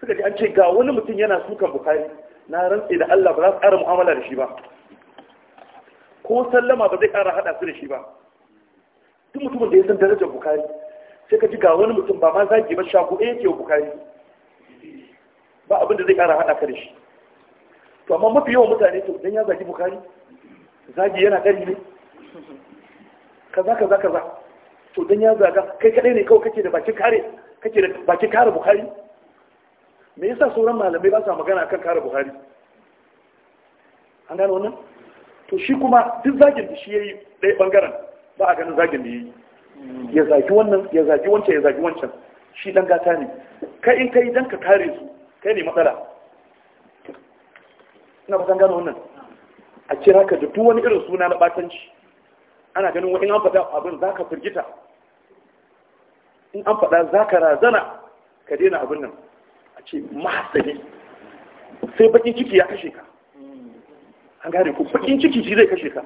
suka ji an ce ga wani mutum yana sukan bukari na rantse da Allah ba za su ƙara mu'amala da shi ba ko sallama ba zai ƙara haɗa su da shi ba duk mutumin da ya san darajar bukari sai ka ji ga wani mutum ba ma zagi ba shago ɗaya ke bukari ba abin da zai ƙara haɗa ka da shi to amma mafi yawan mutane to idan ya zagi bukari zagi yana ƙari ne kaza kaza kaza to idan ya zaga kai kaɗai ne kawai kake da bakin kare kake da bakin kare bukari me yasa sauran malamai ba sa magana akan kare buhari an gano wannan to shi kuma duk zagin da shi ya yi ɗaya ɓangaren ba a ganin zagin da ya yi ya zagi wannan ya zagi wancan ya zagi wancan shi dan gata ne kai in kai dan ka kare su kai ne matsala ina fatan gano wannan a kira ka duk wani irin suna na batanci ana ganin wani an faɗa abin za ka firgita in an faɗa za ka razana ka daina abin nan a ce mahasali sai bakin ciki ya kashe ka an gane ku bakin ciki shi zai kashe ka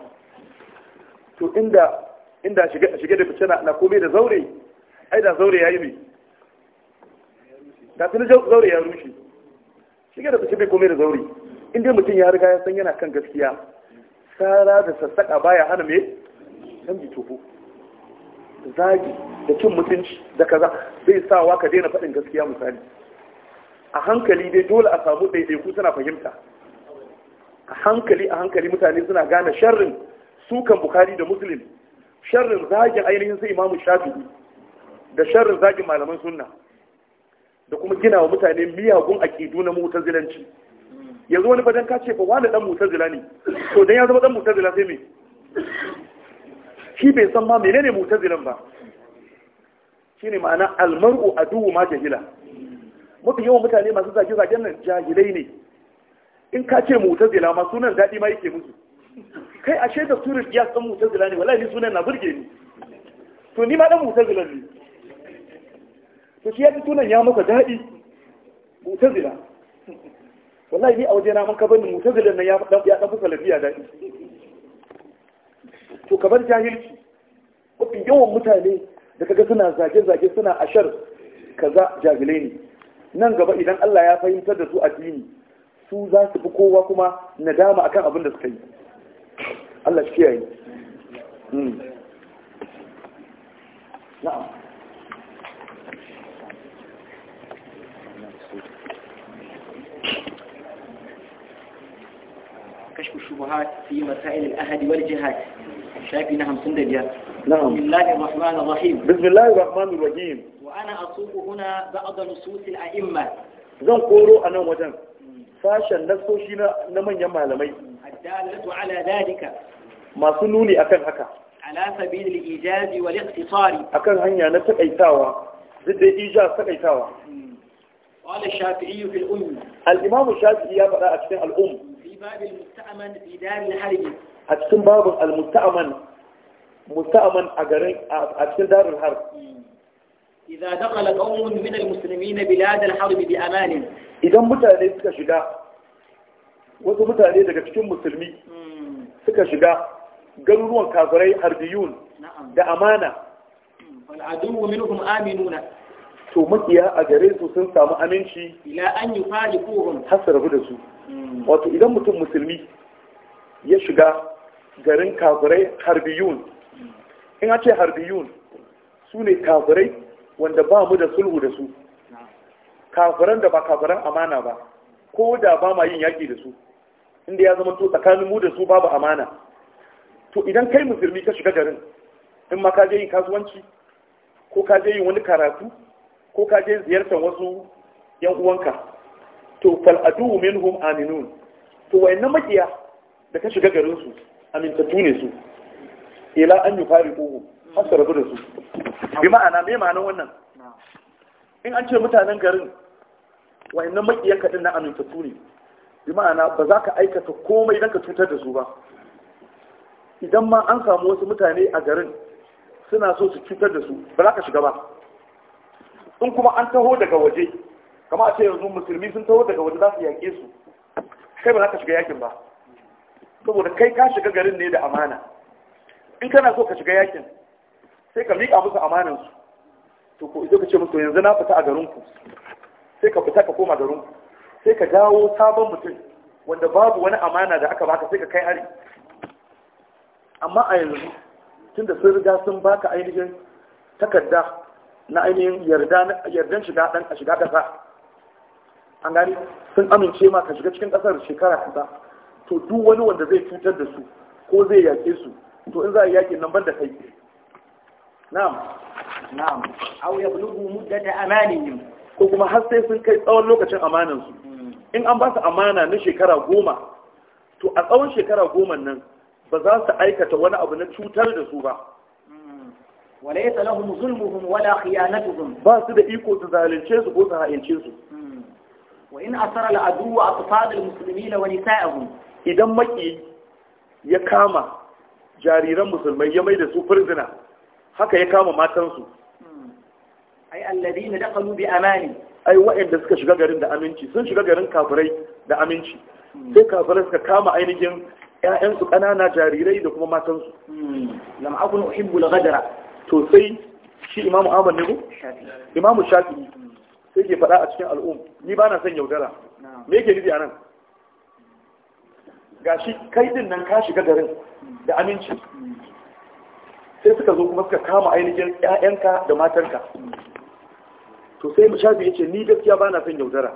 to inda inda shige da fice na komai da zaure ai da zaure ya yi mai da na zaure ya rushe shige da fice bai komai da zaure inda mutum ya riga ya san yana kan gaskiya tsara da sassaƙa baya hana kan bi tofo. zagi da cin mutunci da kaza zai sa wa ka daina faɗin gaskiya misali a hankali dai dole a samu ku suna fahimta a hankali a hankali mutane suna gane sharrin sukan bukari da muslim sharrin zagin ainihin su imamu shafi'i da sharrin zagin malaman sunna da kuma gina wa mutane miyagun aƙidu na mutazilanci yanzu wani badan ka ce ba wani dan mutazila ne to dan ya zama dan mutazila sai me shi bai san ma menene mutazilan ba Shi ne ma'ana almar'u duhu ma jahila mafi yawan mutane masu zage zagen nan jahilai ne in ka ce mutazila ma sunan daɗi ma yake musu kai ashe da surar ya san mutazila ne wallahi sunan na burge ni to ni ma dan mutazila ne to shi ya ji sunan ya masa daɗi mutazila wallahi ni a waje na man ka bani mutazilan nan ya ya dan fusa lafiya daɗi to ka bar jahilci mafi yawan mutane da kaga suna zage zage suna ashar kaza jahilai ne nan gaba idan Allah ya fahimtar da su addini su za su fi kowa kuma nadama akan abin da suka yi Allah shi kiyaye hmm. كشف الشبهات في مسائل الأهد والجهاد شايفين 55 نعم بسم الله الرحمن الرحيم بسم الله الرحمن الرحيم وأنا أصوب هنا بعض نصوص الأئمة زن قولوا أنا وجن فاشن نصوصنا نمن يما لمي الدالة على ذلك ما سنوني أكن هكا على سبيل الإيجاز والاقتصار أكن هنيا نتك أيتاوا ضد إيجاز تك أيتاوا قال الشافعي في الأم الإمام الشافعي يبقى أكثر الأم في باب المستأمن في دار الحرب أكثر باب المستأمن مستأمن أجرين أكثر دار الحرب إذا دخل قوم من المسلمين بلاد الحرب بأمان إذا suka shiga wasu mutane daga cikin musulmi suka shiga garuruwan kafirai harbiyun da amana to makiya a gare su sun samu aminci ila an yi kohon hasar da su wato idan mutum musulmi ya shiga garin kafirai harbiyun in a ce harbiyun su ne kafirai wanda ba mu da sulhu da su kafiran da ba kafiran amana ba ko da ba ma yin yaƙi da su inda ya zama to tsakanin mu da su babu amana to idan kai musulmi ka shiga garin in ma ka je yin kasuwanci ko ka je yin wani karatu ko ka je ziyartar wasu yan uwanka to fal adu minhum aminun to wayannan makiya da ka shiga garin su amintattu ne su ila an yufariquhum har rabu da su bi ma'ana me ma'anar wannan in an ce mutanen garin wa'annan makiyan kaɗin na amintattu ne bi ma'ana ba za ka aikata komai don ka cutar da su ba idan ma an samu wasu mutane a garin suna so su cutar da su ba za ka shiga ba in kuma an taho daga waje kama a ce yanzu musulmi sun taho daga waje za su yaƙe su kai ba za ka shiga yakin ba saboda kai ka shiga garin ne da amana in kana so ka shiga yakin sai ka miƙa musu amanansu to ko idan ka ce musu yanzu na fita a garinku sai ka fita ka koma garinku sai ka dawo sabon mutum wanda babu wani amana da aka baka sai ka kai hari amma a yanzu tunda sun riga sun baka ainihin takarda na ainihin yardan shiga dan a shiga kasa an gani sun amince ma ka shiga cikin kasar shekara kaza to duk wani wanda zai cutar da su ko zai yake su to in za a yaƙin nan ban da kai na'am na'am aw yablughu muddata amanihim ko kuma har sai sun kai tsawon lokacin amanan su hmm. in an ba su amana na shekara goma to a tsawon shekara goma nan ba za su aikata wani abu na cutar da su ba وليس لهم ظلمهم ولا خيانتهم Ba su da iko su ko zahince su وان اثر العدو اطفال المسلمين ونساءهم idan maki ya kama jariran musulmai ya mai da su firzina haka ya kama matansu hmm. ai da dakalu bi amani ai da suka shiga garin da aminci sun shiga garin kafirai da aminci hmm. sai kafirai suka kama ainihin ƴaƴansu ƙanana jarirai da kuma matansu hmm. lam akun uhibbu al-ghadara to sai shi imamu Ahmad ne ko imamu Shafi'i sai ke faɗa a cikin al'um ni ba na son yaudara me yake nufi anan gashi kai din nan ka shiga garin da aminci sai suka zo kuma suka kama ainihin ƴaƴanka da matanka to sai shafi yace ni gaskiya bana son yaudara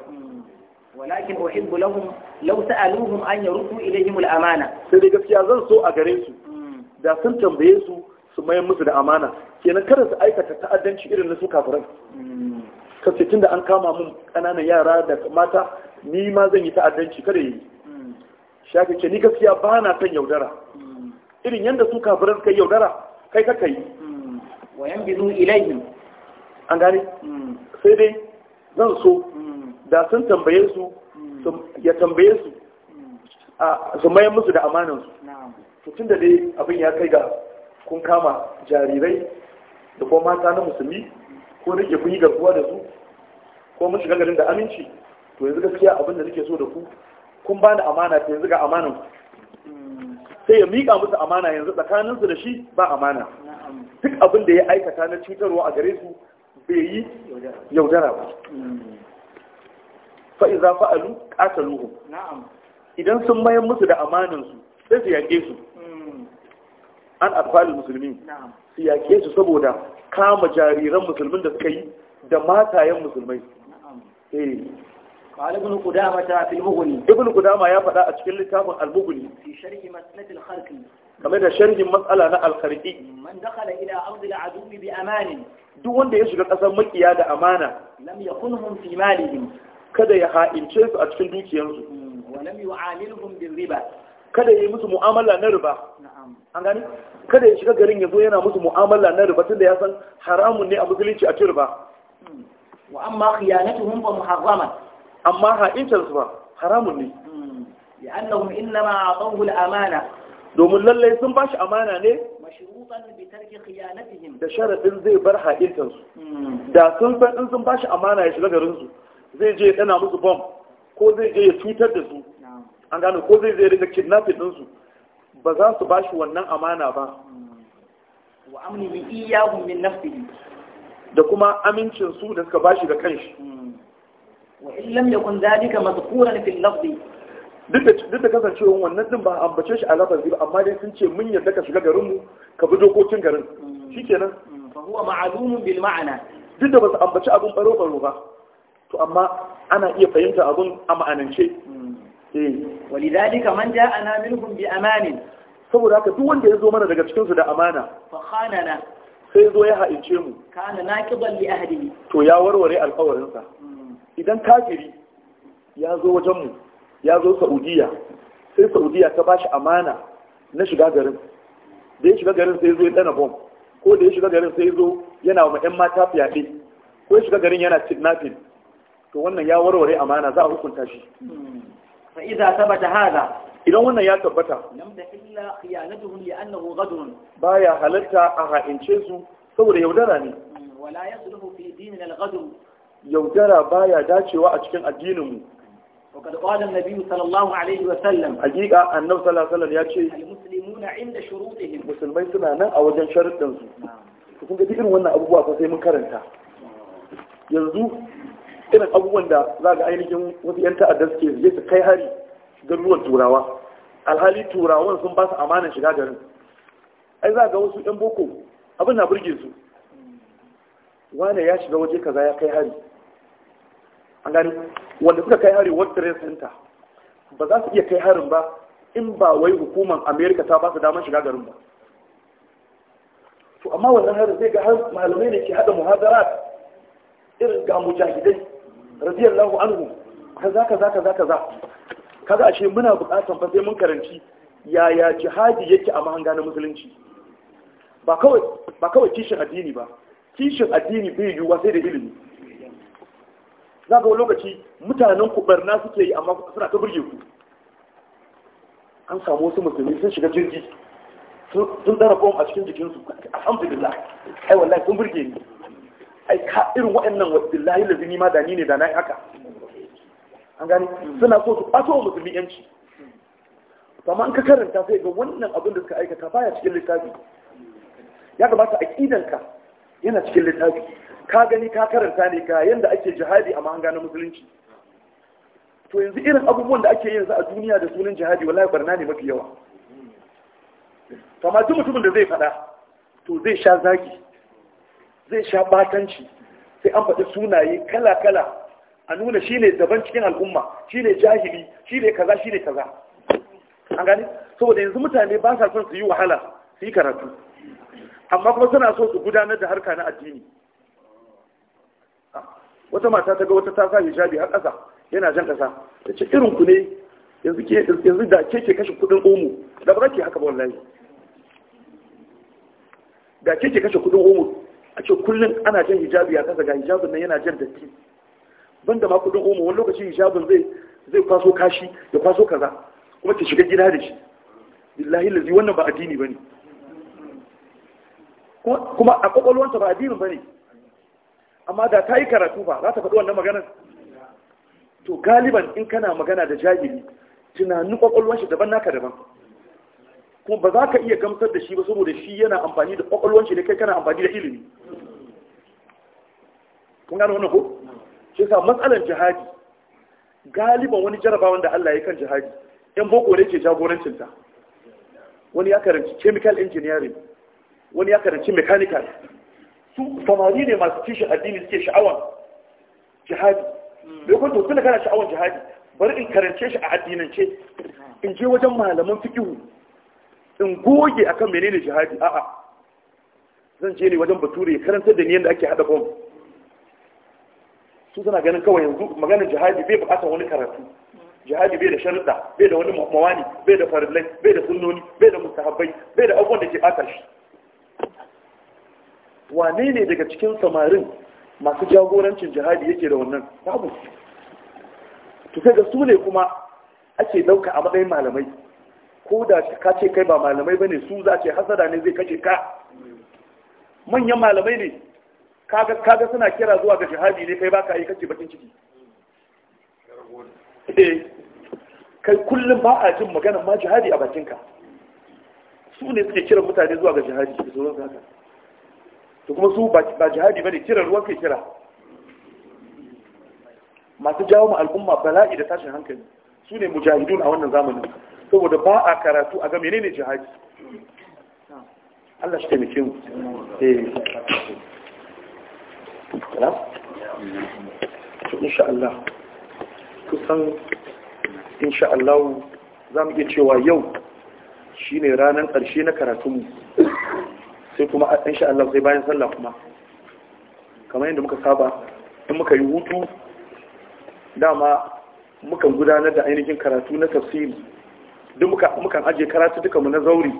walakin uhibbu lahum law sa'aluhum an yurdu ilayhim al-amana sai dai gaskiya zan so a gare su hmm. da sun tambaye su su mayar musu da amana kenan kada su aikata ta'addanci irin na su kafiran hmm. kace tunda an kama mun kananan yara da mata ni ma zan yi ta'addanci kada yi hmm. shafi ce ni gaskiya bana son yaudara irin yanda su kafiran kai yaudara kai kaka yi hmm. wayan bizu an gane hmm. sai dai zan so hmm. da sun tambaye su ya tambaye su a zumayen musu da amanansu to tun da dai abin ya kai ga kun kama jarirai da kuma mata na musulmi ko rike kun yi garkuwa da su ko mun shiga garin da aminci to yanzu gaskiya abin da nake so da ku kun bani amana ta yanzu ga amanan sai ya miƙa musu amana yanzu tsakaninsu da shi ba amana duk abin da ya aikata na cutarwa a gare su bai yi yaudara ba fa'iza fa'alu luhu. idan sun mayan musu da amaninsu sai su yaƙe su hmm. an alfali musulmi su yaƙe su saboda kama jariran musulmin da suka yi da matayen musulmai eh. قال ابن قدامة في المغني ابن قدامة يا فدا a cikin littafin al-mughni fi sharh mas'alat al-kharqi da sharhin mas'ala na al-kharqi man dakhala ila ard al-adu bi amani duk wanda ya shiga kasar makiya da amana lam yakunhum fi malihim kada ya ha'ince su a cikin dukiyarsu wa lam yu'amilhum bil riba kada ya yi musu mu'amala na riba kada ya shiga garin ya zo yana musu mu'amala na riba tunda ya san haramun ne a musulunci a ci riba wa amma muharrama amma ha'intar su ba haramun ne hmm. li'annahum innama atawhu al-amana domin lallai sun ba shi amana ne da sharaɗin zai bar haƙintansu hmm. da sun san in sun ba shi amana ya shiga su. zai je ya musu bom ko zai je ya cutar da su an gano ko zai zai rika kidnapping su. ba za su ba shi wannan amana ba hmm. da kuma amincin su da suka ba shi da kanshi wa in lam yakun zalika mazkuran fil lafzi duk da kasancewa wannan din ba a ambace shi a lafazi ba amma dai sun ce mun yadda ka shiga garinmu ka bi dokokin garin Shi mm. shikenan mm. fa huwa ma'lumun bil ma'ana duk da ba su ambaci abin baro baro ba to amma ana iya fahimta abun a ma'anance mm. eh walidhalika man namin minhum bi amanin saboda haka duk wanda ya zo mana daga cikinsu da amana fa khanana sai zo ya ha'ince mu kana naqidan li ahlihi to ya warware alƙawarinsa idan kafiri ya zo wajenmu ya zo saudiya sai saudiya ta ba shi amana na shiga garin da ya shiga garin sai zo ya dana bom ko da ya shiga garin sai zo yana wa 'yan mata fyaɗe ko ya shiga garin yana kidnapping to wannan ya warware amana za a hukunta shi fa idza thabata hada idan wannan ya tabbata lam da illa khiyanatuhum li annahu ghadrun baya halatta a ha'ince su saboda yaudara ne hmm, wala yasluhu fi dinil ghadr yaudara baya dacewa a cikin addininmu وقد قال النبي صلى الله عليه وسلم حقيقة النبي صلى الله عليه وسلم يأتي المسلمون عند شروطهم مسلمين سنة أنا أو جن شرط تنسو فكنت تكرم وانا أبوه فسي من كرنتا ينزو irin abubuwan da za ga ainihin wasu 'yan ta'addar suke zai su kai hari garuruwan turawa alhali turawan sun ba su amanan shiga garin ai za ga wasu 'yan boko abin na burge su wane ya shiga waje kaza ya kai hari an gani wanda suka kai hari world trade center ba za su iya kai harin ba in ba wai hukumar america ta ba su damar shiga garin ba to amma wannan harin zai ga har malamai ne ke hada muhazara irin ga mujahidai radiyallahu anhu kaza kaza kaza kaza kaza ashe muna bukatan fa sai mun karanci yaya jihadi yake a mahanga na musulunci ba kawai kishin addini ba kishin addini bai yiwuwa sai da ilimi za ga lokaci mutanen ku barna suke yi amma suna ta burge ku an samu wasu musulmi sun shiga jirgi sun dara bom a cikin jikinsu alhamdulillah ai wallahi sun burge ni ai ka irin waɗannan wallahi lazini ma da ni ne da na haka an gani suna so su ɓato wa musulmi yanci amma an ka karanta sai ga wannan abin da suka aikata baya cikin littafi ya kamata ƙidanka yana cikin littafi ka gani ka karanta ne ga yanda ake jihadi a mahanga na musulunci to yanzu irin abubuwan da ake yanzu a duniya da sunan jihadi wallahi barna ne mafi yawa kamar duk mutumin da zai faɗa to zai sha zagi zai sha batanci sai an faɗi sunaye kala-kala a nuna shi ne daban cikin al'umma shi ne jahili shi ne kaza shi ne kaza an gani saboda yanzu mutane ba sa son su yi wahala su yi karatu amma kuma suna so su gudanar da harka na addini wata mata ta ga wata ta sa hijabi a ƙasa yana jan ƙasa da ce irin ku ne yanzu ke yanzu da ke ke kashe kuɗin omo da ba ke haka ba wallahi da ke ke kashe kuɗin omo a ce kullum ana jan hijabi a ƙasa ga hijabin nan yana jan datti da ma kuɗin omo wani lokaci hijabin zai zai kwaso kashi ya kwaso kaza kuma ke shiga gida da shi billahi lazi wannan ba addini ba ne. kuma a kwakwalwanta ba addinin ne. amma da ta yi karatu ba za ta faɗi wannan maganar to galiban in kana magana da jahili tunanin kwakwalwar shi daban naka daban kuma ba za ka iya gamsar da shi ba saboda shi yana amfani da kwakwalwar shi ne kai kana amfani da ilimi kun gano wannan ko shi sa matsalar jihadi galiban wani jarabawan da Allah ya kan jihadi yan boko ne ke jagorancin ta wani ya karanci chemical engineering wani ya karanci mechanical su samari ne masu cishin addini suke sha'awan jihadi bai kwanto tun da kana sha'awan jihadi bari in karance shi a addinance in je wajen malaman fikihu in goge akan menene jihadi a'a zan je ne wajen bature ya karanta da ni yadda ake hada bom su suna ganin kawai yanzu magana jihadi bai bukatar wani karatu jihadi bai da sharuɗa bai da wani mawani bai da farillai bai da sunnoni bai da mustahabbai bai da abubuwan da ke bata shi wane ne daga cikin samarin masu jagorancin jihadi yake da wannan babu to sai ga su ne kuma ake dauka a matsayin malamai ko da ka ce kai ba malamai bane su za ce hasada ne zai kashe ka manyan malamai ne kaga kaga suna kira zuwa ga jihadi ne kai baka yi kace bakin ciki eh kai kullum ba a jin maganar ma jihadi a bakinka su ne suke kiran mutane zuwa ga jihadi da sauransu haka to kuma su ba jihadi bane kira ruwan kai kira masu jawo ma al'umma bala'i da tashin hankali su ne mujahidun a wannan zamanin saboda ba a karatu a ga menene jihadi Allah shi taimake mu eh. insha Allah kusan insha Allah za mu iya cewa yau shine ranar ƙarshe na karatunmu sai kuma insha Allah sai bayan sallah kuma kamar yadda muka saba in muka yi hutu dama mukan gudanar da ainihin karatu na tafsiri duk mukan ajiye karatu duka mu na zauri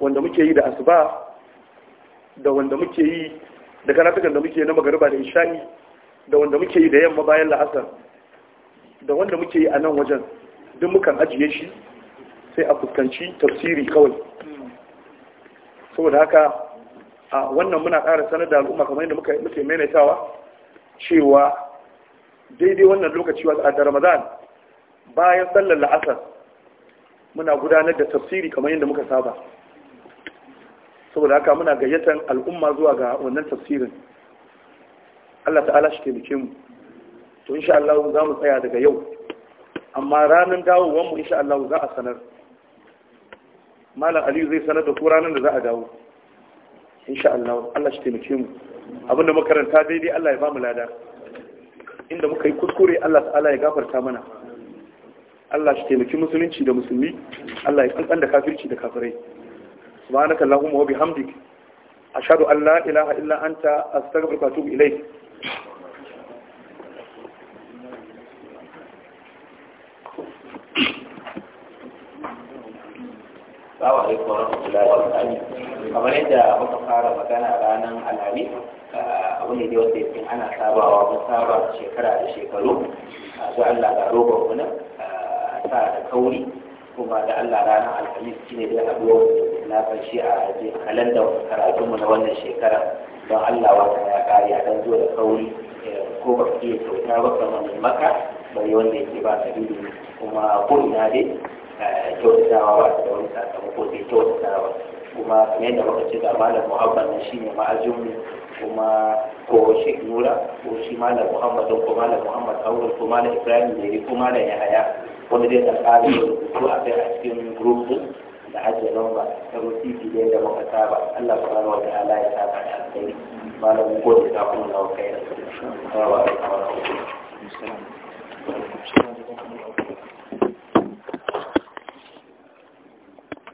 wanda muke yi da asuba da wanda muke yi da karatukan da muke na magariba da isha'i da wanda muke yi da yamma bayan la'asar da wanda muke yi a nan wajen duk mukan ajiye shi sai a fuskanci tafsiri kawai saboda haka a wannan muna ƙara sanar da al'umma kamar yadda muka muke maimaitawa cewa daidai wannan lokaci wa da ramadan bayan sallar la'asar muna gudanar da tafsiri kamar yadda muka saba saboda haka muna gayyatar al'umma zuwa ga wannan tafsirin Allah ta'ala shi taimake mu to insha Allah za mu tsaya daga yau amma ranar dawowar mu insha Allah za a sanar malam aliyu zai sanar da ku ranar da za a dawo insha Allah Allah shi taimake mu abinda makaranta daidai Allah ya ba mu lada inda muka yi kuskure Allah ta'ala ya gafarta mana Allah shi taimaki musulunci da musulmi Allah ya kankan da kafirci da kafirai subhanaka allahumma wa bihamdik ashhadu an la ilaha illa anta astaghfiruka wa atubu ilayk Assalamu alaikum da wabarakatuh. Kamar yadda muka fara magana ranar Alhamis, ah, abu ne wanda yake ana sabawa mun saba shekara da shekaru. zuwa ah, Allah ga rogon mu a ah, sa da kauri kuma da Allah ranar Alhamis ne da abuwa na fashi a kalandar karatunmu na wannan shekara don Allah wata ya kare a dan zo da kauri eh, ko ba iya kyauta ba kamar maka bai wanda yake ba sabili kuma ko ina dai a ba da wani sakamako sai kyautatawa kuma kamar yadda muka ce ga malam muhammad na shine ma'ajin kuma ko sheikh nura ko shi malam muhammad ko malam muhammad awul ko malam ibrahim ne ko malam yahaya wanda zai da tsari a kai a cikin group da hajjar lamba ta rotiki da yadda muka saba allah subhanahu wa ta'ala ya saba da alkhairi malam mun ta kuma na kai da su.